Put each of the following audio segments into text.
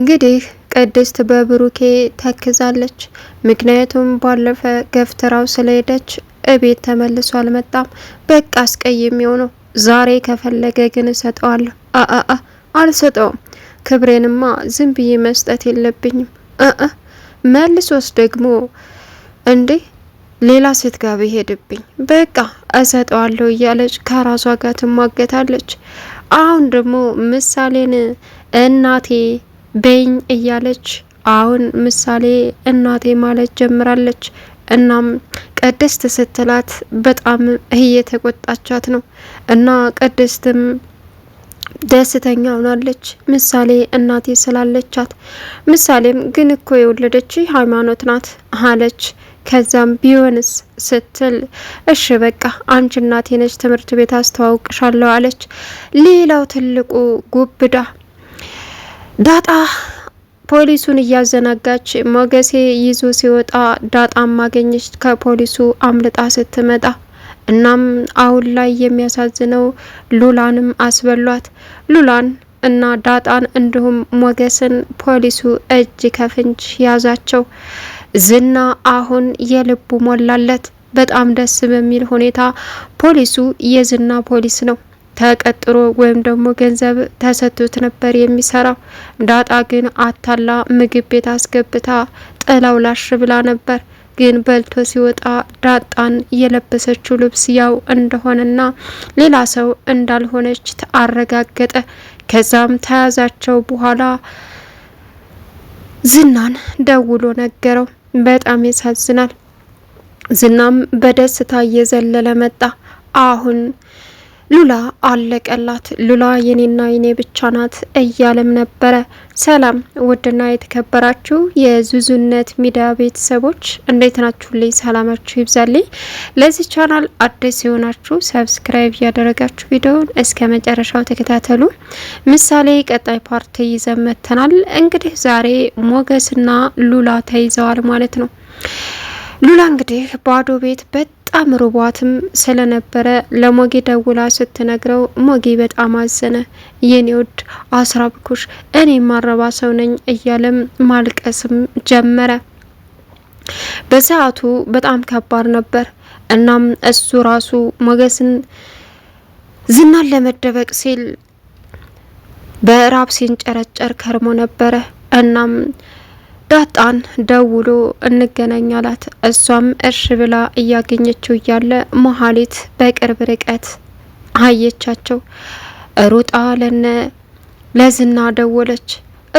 እንግዲህ ቅድስት በብሩኬ ተክዛለች። ምክንያቱም ባለፈ ገፍትራው ስለሄደች እቤት ተመልሶ አልመጣም። በቃ አስቀይሜው ነው። ዛሬ ከፈለገ ግን እሰጠዋለሁ። አአአ አልሰጠውም። ክብሬንማ ዝም ብዬ መስጠት የለብኝም። አአ መልሶስ ደግሞ እንዴ ሌላ ሴት ጋር ብሄድብኝ በቃ እሰጠዋለሁ እያለች ከራሷ ጋር ትሟገታለች። አሁን ደግሞ ምሳሌን እናቴ በይኝ እያለች አሁን ምሳሌ እናቴ ማለት ጀምራለች። እናም ቅድስት ስትላት በጣም እየተቆጣቻት ነው እና ቅድስትም ደስተኛ ሆናለች ምሳሌ እናቴ ስላለቻት። ምሳሌም ግን እኮ የወለደች ሃይማኖት ናት አለች። ከዛም ቢሆንስ ስትል እሺ በቃ አንቺ እናቴ ነች ትምህርት ቤት አስተዋውቅሻለሁ አለች። ሌላው ትልቁ ጉብዳ ዳጣ ፖሊሱን እያዘናጋች ሞገሴ ይዞ ሲወጣ ዳጣም ማገኘች ከፖሊሱ አምልጣ ስትመጣ። እናም አሁን ላይ የሚያሳዝነው ሉላንም አስበሏት። ሉላን እና ዳጣን እንዲሁም ሞገስን ፖሊሱ እጅ ከፍንጅ ያዛቸው። ዝና አሁን የልቡ ሞላለት። በጣም ደስ በሚል ሁኔታ ፖሊሱ የዝና ፖሊስ ነው። ተቀጥሮ ወይም ደግሞ ገንዘብ ተሰጥቶት ነበር የሚሰራው። ዳጣ ግን አታላ ምግብ ቤት አስገብታ ጥላው ላሽ ብላ ነበር። ግን በልቶ ሲወጣ ዳጣን የለበሰችው ልብስ ያው እንደሆነና ሌላ ሰው እንዳልሆነች አረጋገጠ። ከዛም ተያዛቸው በኋላ ዝናን ደውሎ ነገረው። በጣም ያሳዝናል። ዝናም በደስታ እየዘለለ መጣ። አሁን ሉላ አለቀላት። ሉላ የኔና የኔ ብቻ ናት እያለም ነበረ። ሰላም ውድና የተከበራችሁ የዙዙነት ሚዲያ ቤተሰቦች እንዴት ናችሁልኝ? ሰላማችሁ ይብዛልኝ። ለዚህ ቻናል አዲስ የሆናችሁ ሰብስክራይብ እያደረጋችሁ ቪዲዮን እስከ መጨረሻው ተከታተሉ። ምሳሌ ቀጣይ ፓርቲ ይዘን መጥተናል። እንግዲህ ዛሬ ሞገስና ሉላ ተይዘዋል ማለት ነው። ሉላ እንግዲህ ባዶ ቤት በት በጣም ርቧትም ስለነበረ ለሞጌ ደውላ ስትነግረው ሞጌ በጣም አዘነ። የኔ ውድ አስራብኩሽ እኔ ማረባ ሰው ነኝ እያለም ማልቀስም ጀመረ። በሰዓቱ በጣም ከባድ ነበር። እናም እሱ ራሱ ሞገስን ዝናን ለመደበቅ ሲል በራብ ሲንጨረጨር ከርሞ ነበረ እናም ዳጣን ደውሎ እንገናኛላት። እሷም እርሽ ብላ እያገኘችው እያለ መሀሊት በቅርብ ርቀት አየቻቸው። ሩጣ ለነ ለዝና ደወለች።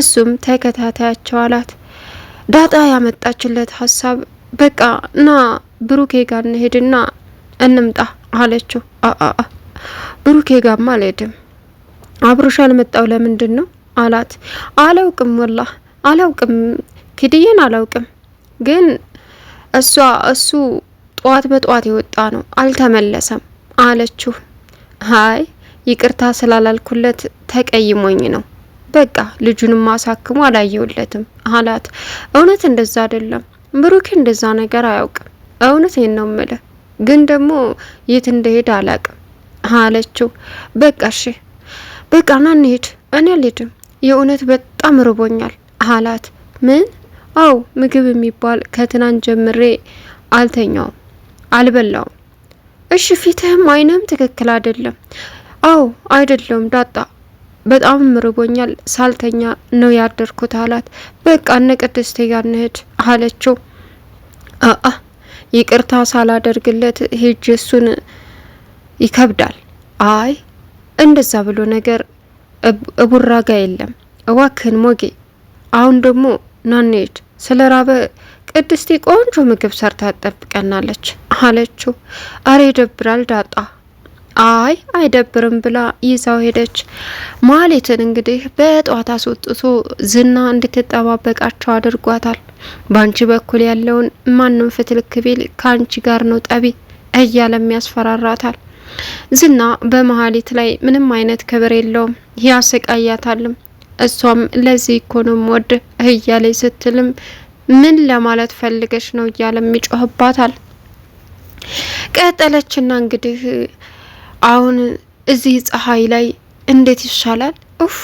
እሱም ተከታታያቸው አላት። ዳጣ ያመጣችለት ሀሳብ በቃ ና ብሩኬ ጋር እንሄድና እንምጣ አለችው። ብሩኬ ጋርማ አልሄድም። አብሮሽ ያልመጣው ለምንድን ነው አላት። አላውቅም ወላ አላውቅም ኪድዬን አላውቅም፣ ግን እሷ እሱ ጠዋት በጠዋት የወጣ ነው አልተመለሰም አለችሁ። አይ ይቅርታ ስላላልኩለት ተቀይሞኝ ነው በቃ ልጁንም አሳክሞ አላየውለትም አላት። እውነት እንደዛ አይደለም ብሩኬ እንደዛ ነገር አያውቅም። እውነቴን ነው የምልህ፣ ግን ደግሞ የት እንደሄድ አላቅም አለችው። በቃ እሺ በቃ ና እንሄድ። እኔ አልሄድም የእውነት በጣም ርቦኛል አላት። ምን አው ምግብ የሚባል ከትናንት ጀምሬ አልተኛውም፣ አልበላውም። እሺ ፊትህም አይነም ትክክል አይደለም። አው አይደለም ዳጣ፣ በጣም ርቦኛል፣ ሳልተኛ ነው ያደርኩት አላት። በቃ እነ ቅድስት ጋር አለችው። አአ ይቅርታ ሳላደርግለት ሄጅ እሱን ይከብዳል። አይ እንደዛ ብሎ ነገር እቡራጋ የለም እዋክን ሞጌ አሁን ደግሞ ናንሄድ ስለ ራበ ቅድስቲ ቆንጆ ምግብ ሰርታ ትጠብቀናለች አለችው። አረ ይደብራል ዳጣ አይ አይደብርም ብላ ይዛው ሄደች። ማሌትን እንግዲህ በጠዋት አስወጥቶ ዝና እንድትጠባበቃቸው አድርጓታል። በአንቺ በኩል ያለውን ማንም ፍትልክ ቢል ከአንቺ ጋር ነው ጠቢ እያለም ያስፈራራታል። ዝና በመሀሊት ላይ ምንም አይነት ክብር የለውም፣ ያሰቃያታልም። እሷም ለዚህ ኢኮኖሚ ወድ እያለች ስትልም ምን ለማለት ፈልገች ነው እያለም ይጮህባታል። ቀጠለችና እንግዲህ አሁን እዚህ ፀሐይ ላይ እንዴት ይሻላል? ኡፍ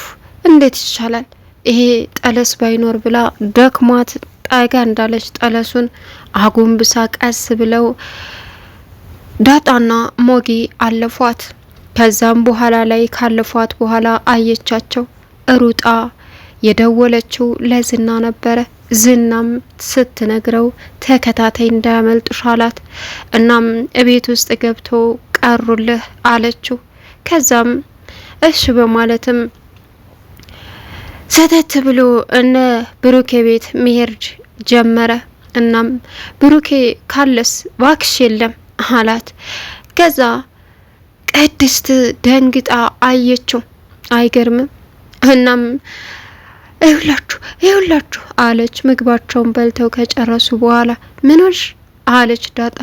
እንዴት ይሻላል? ይሄ ጠለስ ባይኖር ብላ ደክሟት ጠጋ እንዳለች ጠለሱን አጎንብሳ ቀስ ብለው ዳጣና ሞጊ አለፏት። ከዛም በኋላ ላይ ካለፏት በኋላ አየቻቸው። ሩጣ የደወለችው ለዝና ነበረ። ዝናም ስትነግረው ተከታታይ እንዳያመልጡሽ አላት። እናም እቤት ውስጥ ገብቶ ቀሩልህ አለችው። ከዛም እሺ በማለትም ሰተት ብሎ እነ ብሩኬ ቤት መሄድ ጀመረ። እናም ብሩኬ ካለስ ባክሽ የለም አላት። ከዛ ቅድስት ደንግጣ አየችው። አይገርምም እናም ይሁላችሁ ይሁላችሁ አለች። ምግባቸውን በልተው ከጨረሱ በኋላ ምን አለች ዳጣ።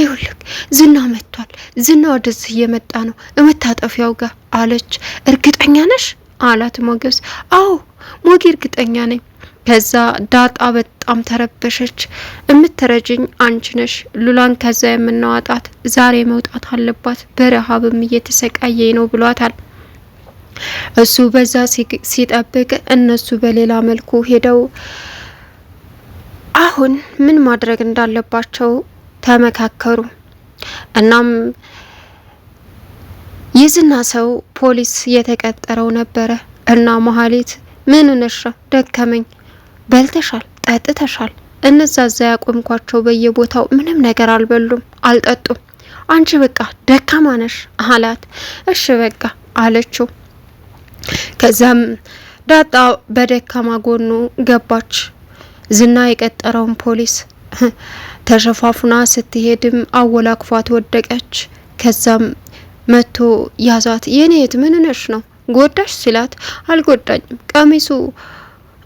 ይሁልክ ዝና መጥቷል፣ ዝና ወደዚህ እየመጣ ነው እመታጠፊያው ጋር አለች። እርግጠኛ ነሽ አላት ሞገስ። አዎ ሞጌ እርግጠኛ ነኝ። ከዛ ዳጣ በጣም ተረበሸች። የምትረጅኝ አንቺ ነሽ፣ ሉላን ከዛ የምናዋጣት ዛሬ መውጣት አለባት፣ በረሀብም እየተሰቃየ ነው ብሏታል። እሱ በዛ ሲጠብቅ እነሱ በሌላ መልኩ ሄደው አሁን ምን ማድረግ እንዳለባቸው ተመካከሩ። እናም የዝና ሰው ፖሊስ የተቀጠረው ነበረ እና መሀሌት ምን ነሽ? ደከመኝ። በልተሻል፣ ጠጥተሻል። እነዛ እዛ ያቆምኳቸው በየቦታው ምንም ነገር አልበሉም፣ አልጠጡም። አንቺ በቃ ደካማ ነሽ አላት። እሺ በቃ አለችው። ከዛም ዳጣ በደካማ ጎኑ ገባች። ዝና የቀጠረውን ፖሊስ ተሸፋፍና ስትሄድም አወላክፏት ወደቀች። ከዛም መቶ ያዛት። የኔት ምን ነሽ ነው ጎዳሽ ሲላት አልጎዳኝም፣ ቀሚሱ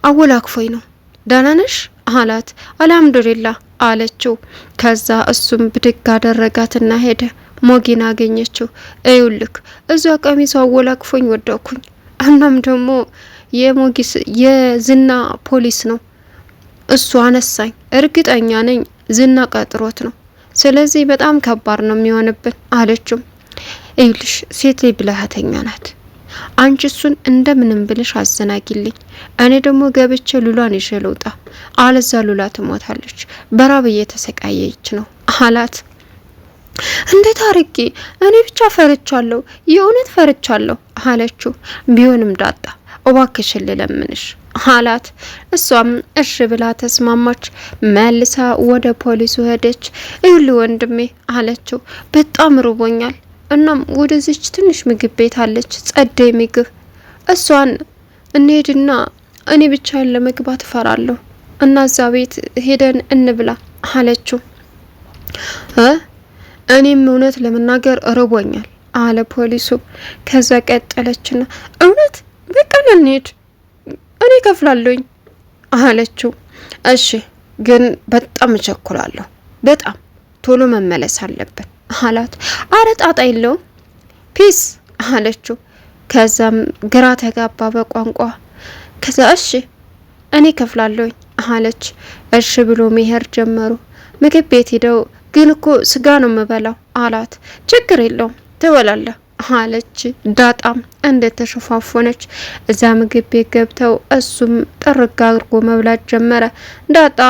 አወላክፎኝ ነው። ደህና ነሽ አላት። አልሐምዱሊላ አለችው። ከዛ እሱም ብድግ አደረጋትና ሄደ። ሞጊን አገኘችው። እዩልክ እዛ ቀሚሱ አወላክፎኝ ወደኩኝ አናም ደግሞ የሞጊስ የዝና ፖሊስ ነው። እሱ አነሳኝ። እርግጠኛ ነኝ ዝና ቀጥሮት ነው። ስለዚህ በጣም ከባድ ነው የሚሆንብን አለችው። ይልሽ ሴት ብልሃተኛ ናት። አንቺ እሱን እንደምንም ብልሽ አዘናጊልኝ፣ እኔ ደግሞ ገብቼ ሉላን ይዤ ልውጣ፣ አለዛ ሉላ ትሞታለች። በራብ እየተሰቃየች ነው አላት። እንዴት አርጌ እኔ ብቻ ፈርቻለሁ፣ የእውነት ፈርቻለሁ አለችው። ቢሆንም ዳጣ እባክሽን ልለምንሽ አላት። እሷም እሺ ብላ ተስማማች። መልሳ ወደ ፖሊሱ ሄደች። ይሁሉ ወንድሜ አለችው፣ በጣም ርቦኛል። እናም ወደዚች ትንሽ ምግብ ቤት አለች፣ ጸደይ ምግብ እሷን እንሄድና እኔ ብቻዬን ለመግባት እፈራለሁ እና እዛ ቤት ሄደን እንብላ አለችው። እኔም እውነት ለመናገር ርቦኛል አለ ፖሊሱ። ከዛ ቀጠለችና እውነት በቃ እንሂድ፣ እኔ ከፍላለሁኝ አለችው። እሺ ግን በጣም እቸኩላለሁ፣ በጣም ቶሎ መመለስ አለብን አላት። አረ ጣጣ የለውም ፒስ አለችው። ከዛም ግራ ተጋባ በቋንቋ ከዛ እሺ እኔ ከፍላለሁኝ አለች። እሺ ብሎ መሄድ ጀመሩ። ምግብ ቤት ሄደው ግን እኮ ስጋ ነው የምበላው አላት። ችግር የለውም ትበላለህ አለች። ዳጣም ተሸፋፎነች እዛ ምግብ ቤት ገብተው እሱም ጥርግ አድርጎ መብላት ጀመረ። ዳጣ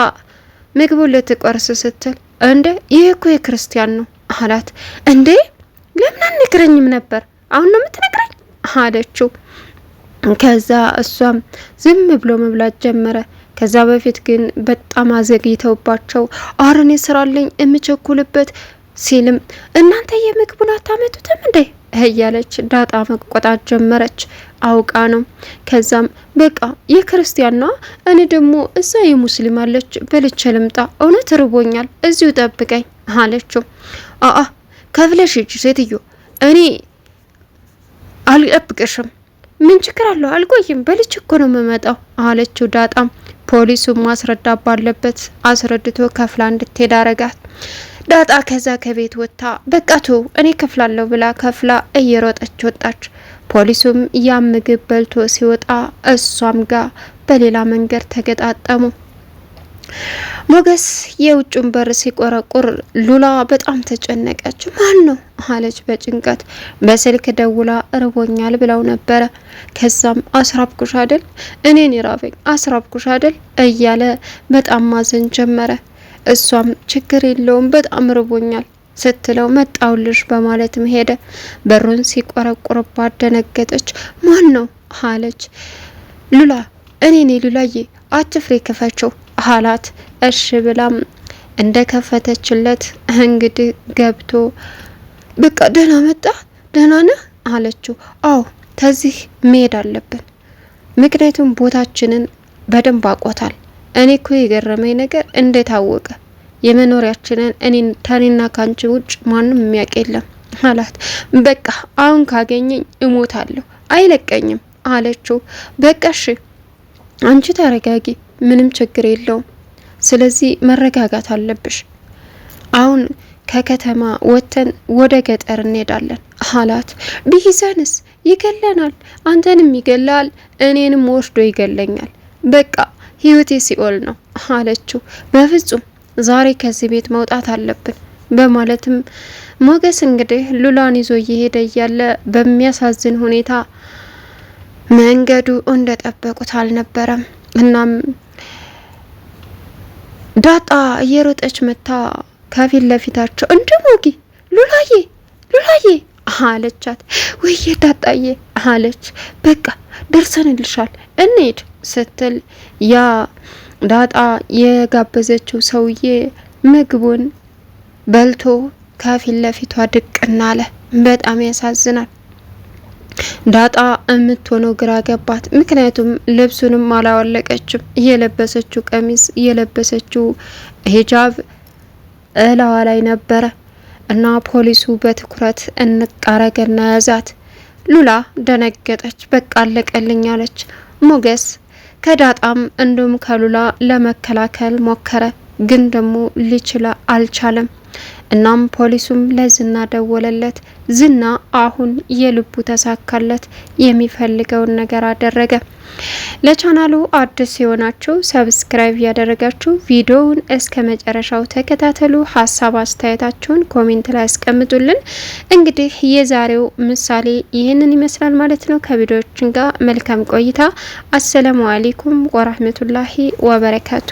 ምግቡ ልትቆርስ ስትል እንዴ ይህ እኮ የክርስቲያን ነው አላት። እንዴ ለምን አንነግረኝም ነበር? አሁን ነው የምትነግረኝ አለችው። ከዛ እሷም ዝም ብሎ መብላት ጀመረ። ከዛ በፊት ግን በጣም አዘግይተውባቸው አረኔ ስራለኝ የምቸኩልበት ሲልም እናንተ የምግቡን አታመጡትም እንዴ እያለች ዳጣ መቆጣት ጀመረች። አውቃ ነው። ከዛም በቃ የክርስቲያኗ እኔ ደግሞ እዛ የሙስሊም አለች በልቼ ልምጣ፣ እውነት ርቦኛል፣ እዚሁ ጠብቀኝ አለችው። አአ ከፍለሽ ሂጂ ሴትዮ፣ እኔ አልጠብቅሽም። ምን ችግር አለው? አልቆይም፣ በልቼ እኮ ነው የምመጣው አለችው። ዳጣም ፖሊሱ ማስረዳ ባለበት አስረድቶ ከፍላ እንድትሄድ አረጋት። ዳጣ ከዛ ከቤት ወጥታ በቃቱ እኔ ከፍላለሁ ብላ ከፍላ እየሮጠች ወጣች። ፖሊሱም ያ ምግብ በልቶ ሲወጣ እሷም ጋር በሌላ መንገድ ተገጣጠሙ። ሞገስ የውጩን በር ሲቆረቁር ሉላ በጣም ተጨነቀች። ማን ነው አለች በጭንቀት። በስልክ ደውላ እርቦኛል ብለው ነበረ። ከዛም አስራብኩሽ አደል እኔን ይራበኝ አስራብኩሽ አደል እያለ በጣም ማዘን ጀመረ። እሷም ችግር የለውም በጣም ርቦኛል ስትለው መጣውልሽ በማለትም ሄደ። በሩን ሲቆረቁርባት ደነገጠች። ማን ነው አለች። ሉላ እኔ ኔ ሉላዬ አትፍሪ ክፈችው አላት። እሺ ብላም እንደ ከፈተችለት እንግዲህ ገብቶ በቃ ደህና መጣ ደህና ነህ አለችው። አዎ ተዚህ መሄድ አለብን፣ ምክንያቱም ቦታችንን በደንብ አቆታል እኔ እኮ የገረመኝ ነገር እንዴት አወቀ የመኖሪያችንን እኔን ታኔና ካንቺ ውጭ ማንም የሚያውቅ የለም አላት። በቃ አሁን ካገኘኝ እሞታለሁ፣ አይለቀኝም አለችው። በቃ እሺ አንቺ ተረጋጊ፣ ምንም ችግር የለውም። ስለዚህ መረጋጋት አለብሽ። አሁን ከከተማ ወጥተን ወደ ገጠር እንሄዳለን አላት። ቢይዘንስ ይገለናል፣ አንተንም ይገላል፣ እኔንም ወስዶ ይገለኛል። በቃ ህይወቴ ሲኦል ነው አለችው። በፍጹም ዛሬ ከዚህ ቤት መውጣት አለብን በማለትም ሞገስ እንግዲህ ሉላን ይዞ እየሄደ እያለ በሚያሳዝን ሁኔታ መንገዱ እንደጠበቁት አልነበረም። እናም ዳጣ እየሮጠች መታ ከፊት ለፊታቸው እንደ ሞጊ ሉላዬ ሉላዬ አለቻት። ወይዬ ዳጣዬ አለች። በቃ ደርሰንልሻል እንሂድ ስትል ያ ዳጣ የጋበዘችው ሰውዬ ምግቡን በልቶ ከፊት ለፊቷ ድቅና አለ። በጣም ያሳዝናል። ዳጣ የምትሆነው ግራ ገባት። ምክንያቱም ልብሱንም አላወለቀችም። የለበሰችው ቀሚስ የለበሰችው ሂጃብ እላዋ ላይ ነበረ እና ፖሊሱ በትኩረት እንቃረገና ያዛት። ሉላ ደነገጠች። በቃ አለቀልኝ አለች። ሞገስ ከዳጣም እንዲሁም ከሉላ ለመከላከል ሞከረ፣ ግን ደግሞ ሊችላ አልቻለም። እናም ፖሊሱም ለዝና ደወለለት። ዝና አሁን የልቡ ተሳካለት፣ የሚፈልገውን ነገር አደረገ። ለቻናሉ አዲስ የሆናችሁ ሰብስክራይብ ያደረጋችሁ ቪዲዮውን እስከ መጨረሻው ተከታተሉ። ሀሳብ አስተያየታችሁን ኮሜንት ላይ አስቀምጡልን እንግዲህ የዛሬው ምሳሌ ይህንን ይመስላል ማለት ነው። ከቪዲዮዎችን ጋር መልካም ቆይታ። አሰላሙ አሌይኩም ወራህመቱላሂ ወበረካቱ